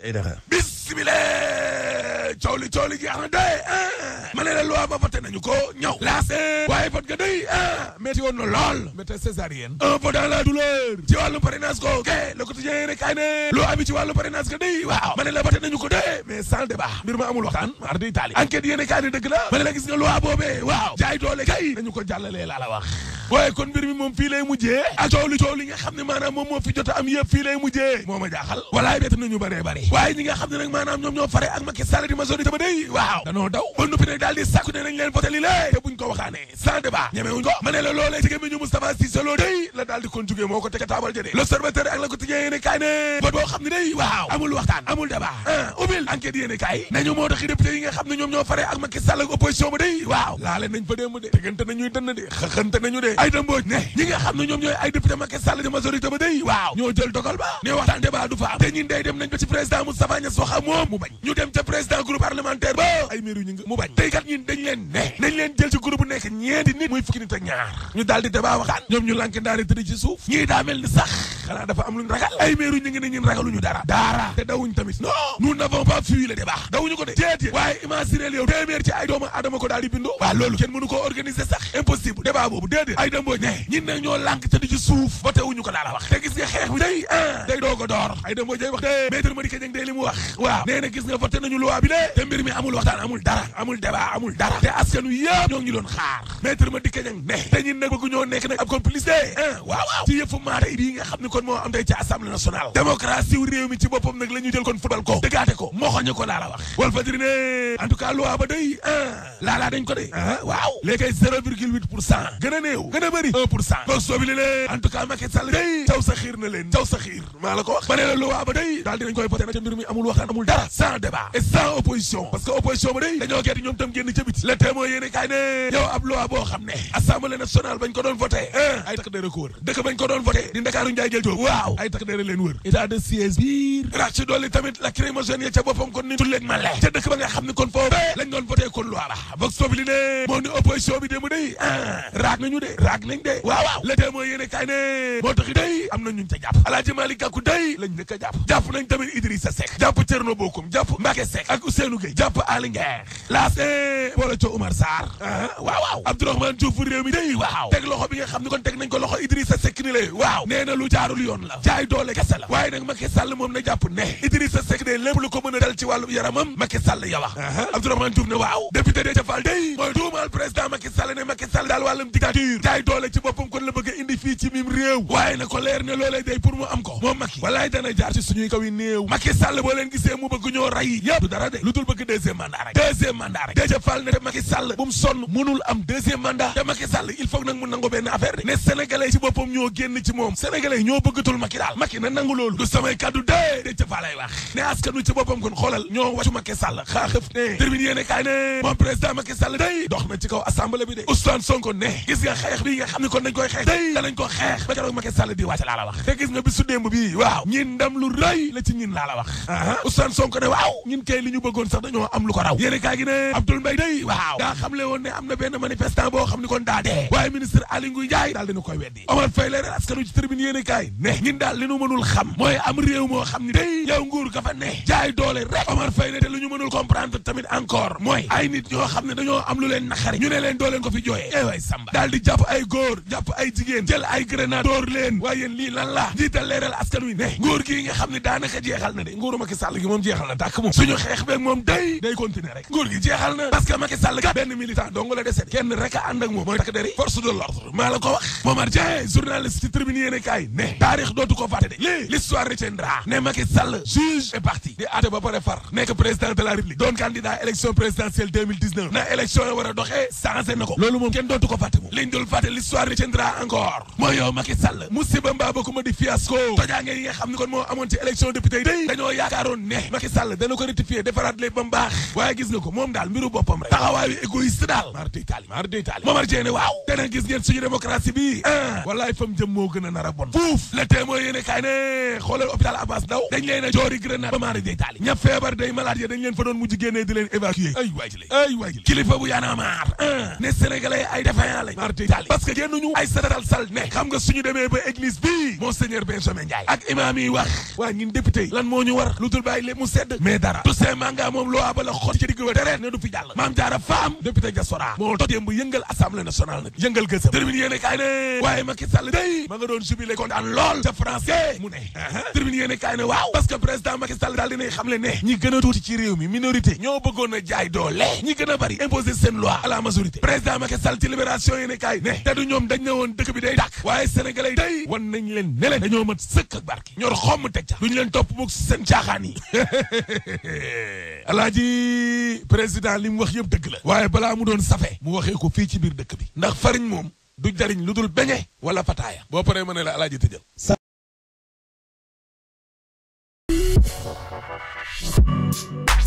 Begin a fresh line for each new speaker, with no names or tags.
Edere. Bismillah. Eh, coow li coow li jeex na eh. ma ne la loi ba voté nañu ko ñëw laas waaye vote eh. na lool métti césarienne un peu dans ci wàllu parrainage ko ke le quotidien yéene kaay ne ci wàllu parrainage ga day waaw ma ne la voté nañu ko day mais sans débat mbir ma amul waxtaan mar di taali enquête yéene kaay ne dëgg la ma ne la gis nga loi boobee waaw jaay doole kay nañu ko jàllalee laa la wax waaye kon mbir mi moom fii lay mujjee ak coow li coow nga xam ne maanaam moom moo fi jot a am yëpp fii lay mujjee moo ma jaaxal walaay bett nañu bëree bëri waaye ñi nga xam ne nag maanaam ñoom ñoo fare ak Macky Sall di majorité ba day waaw ne nañ leen voté li lée ma ne la loolee ba day waaw laa nañ fa démb de tegante nañuy dënn de xëxante nañu de Aïda Mbodj ne ñi nga xam ne ñoom ñooy ay député Macky Sall di majorité ba day waaw ñoo jël dogal ba ne waxtaan débat du fa am te ñun day dem nañ ba ci président Moustapha Niass wax ak moom mu bañ ñu dem ca président groupe parlementaire ba ay maire ñu mu bañ tey kat ñun dañ leen ne nañ leen jël ci groupe bu nekk ñeenti nit muy fukki nit ak ñaar ñu daal di débat waxtaan ñoom ñu lànk ndaari tëdd ci daa mel ni sax xanaa dafa am luñ ragal ay meeru ñu ngi ne ñun ragaluñu dara dara te dawuñ tamit non nous n'avons pas fui le débat dawuñu ko de déedéet waaye imagineel yow téeméer ci ay doomu aadama ko daal di bindoo waaw loolu kenn mënu koo organiser sax impossible débat boobu déedéet ay demboo ne ñin ne ñoo lànk te di ci suuf ba teewuñu ko daala wax te gis nga xeex bi day ah day doog a door ay demboo jay wax de maître Madické Niang day li mu wax waaw nee na gis nga voté nañu loi bi de te mbir mi amul waxtaan amul dara amul débat amul dara te askan wi yëpp ñoo ngi doon xaar maître Madické Niang ne te ñin nag bëgg ñoo nekk nag ab complice de ah waaw waaw ci yëfu maata yi nga xam ne ko kon moo am tey ci assemblée nationale démocratie wu mi ci boppam nag la jël kon football ko dëggaate ko moxoñu ko laa wax wal fajiri ne en tout day a laalaa dañ ko de a ah. waaw léegi zéro virgule huit pour cent gën a néew gën a bëri un pour cent boog soobi en tout cas Macky day taw sa na leen taw sa maa la ko wax ba la loi ba day daal dinañ koy voté na ca mbir mi amul amul dara sans débat et sans opposition parce que Diop waaw ay takk dere leen wër état de biir rax ci dolli la lacrymogène ya ca boppam kon ni tulleeg man le ca dëkk ba nga xam ne kon foofu eh. lañ doon voté kon loi ba vox populi ne moo ni opposition bi démb day ah, raag nañu de raag nañ de waaw waaw la tee mooy yéene kaay ne moo taxi day am na ñun ca jàpp Alaaji Malick Gakou day lañ njëkk a jàpp jàpp nañ tamit Idrissa Seck jàpp Thierno Bocoum ak Ousseynou Gueye jàpp Aly Nguer laas boole ca Oumar Sarr ah, waaw jaarul yoon la jaay doole kese la waaye nag Macky Sall moom na jàpp ne Idrissa Seck de lépp lu ko mën a dal ci wàllu yaramam Macky Sall ya wax uh-huh. Abdourahmane Diouf ne waaw député de Jafal day mooy tuumaal président Macky Sall ne Macky Sall daal wàllum dictature jaay doole ci boppam kon la bëgg fii ci mim réew waaye na ko leer ne loolee day pour mu am ko moom Macky walaay dana jaar ci suñuy kaw yi néew Macky Sall boo leen gisee mu bëgg ñoo rey yëpp dara de lu dul bëgg deuxième mandat rek deuxième mandat ne te Sall bu mu sonn mënul am deuxième mandat te Macky Sall il faut nag mu nango benn affaire de ne sénégalais ci boppam ñoo génn ci moom sénégalais ñoo bëggatul Macky daal Macky na nangu loolu du samay kàddu dee Déthié Fall lay wax ne askanu ci boppam kon xoolal ñoo wàccu Macky Sall xaa xëf ne termine yéene kaay ne kaw assemblée bi de Ousmane Sonko ne gis nga dañ koy danañ ko xeex ba keroog Macky Sall di wàcce a la wax te gis nga bisu démb bi waaw ñin ndam lu rëy la ci ñin laa la wax Ousmane Sonko ne waaw ñin kay li ñu bëggoon sax dañoo am lu ko raw yéene gi ne Abdoul Mbaye day waaw daa xamle woon ne am na benn manifestant boo xam ni kon daa dee waaye ministre Aly Ngouille Ndiaye daal dina koy weddi Omar Faye leeral askanu ci tribune yéene kaay ne ñin daal li nu mënul xam mooy am réew moo xam ni day ñoo xam jël ay grenade leen waaye lii lan la jiital leeral askan ne nguur gii nga xam ne daanaka jeexal na de nguuru Macky Sall gi moom jeexal na tàkk moom suñu xeex beeg moom day day continuer rek nguur gi jeexal na parce que Macky Sall kat benn militant dong la dese kenn rek a ànd ak moom mooy takk deri force de l'ordre maa la ko wax Momar Dieng journaliste ci tribune yéene kaay ne taarix dootu ko fàtte de lii l'histoire retiendra ne Macky Sall juge et parti di a doxee changé na ko loolu moom kenn dootu Moyo yow Macky Sall musiba mbaa ba ko ma di fiasco tojaange yi nga xam kon moo amoon ci élection député yi day dañoo yaakaaroon ne Macky Sall dana ko rectifier defaraat lépp ba mu baax waaye gis nga ko moom daal mbiru boppam rek taxawaayu égoïste daal mar day taali mar day taali Momar Dieng waaw dana gis ngeen suñu démocratie bi ah wallaay fam jëm moo gën a nar a bon fuuf le témoin yéene kaay ne xoolal hôpital Abbas Ndao dañ leen a joori grenade ba maari day ña feebar day malade ya dañ leen fa doon mujj génnee di leen évacuer ay waay jile ay waay jile kilifa bu yaana maar ah. ne sénégalais ay défaillant lañ mar day parce que génnuñu ay sadatal sal ne xam nga suñu demee ba église bii monseigneur Benjamin Ndiaye ak imaam wax waa ñun député lan moo ñu war lu dul bàyyi lépp mu sedd mais dara Toussaint Manga moom loi ba la xot ci digg ba deret ne du fi jàll maam jaara faam député diaspora moo tojee bu yëngal assemblée nationale nag yëngal gësëm termine yéene kaay waaw parce que président Macky Sall daal xam le ne ñi gën tuuti ci réew mi minorité ñoo bëggoon jaay doole ñi gën bari imposer seen dañ ne woon dëkk bi day dàkk waaye sénégalais tey wan nañ leen ne leen dañoo mat sëkk ak barke ñor xomm teg ca duñu leen topp boog seen caaxaan yi alaaji président li mu wax yëpp dëgg la waaye balaa mu doon safe mu waxee ko fii ci biir dëkk bi ndax fariñ moom du jariñ lu dul beñe wala fataaya boo paree ma ne la alaaji te Thank you.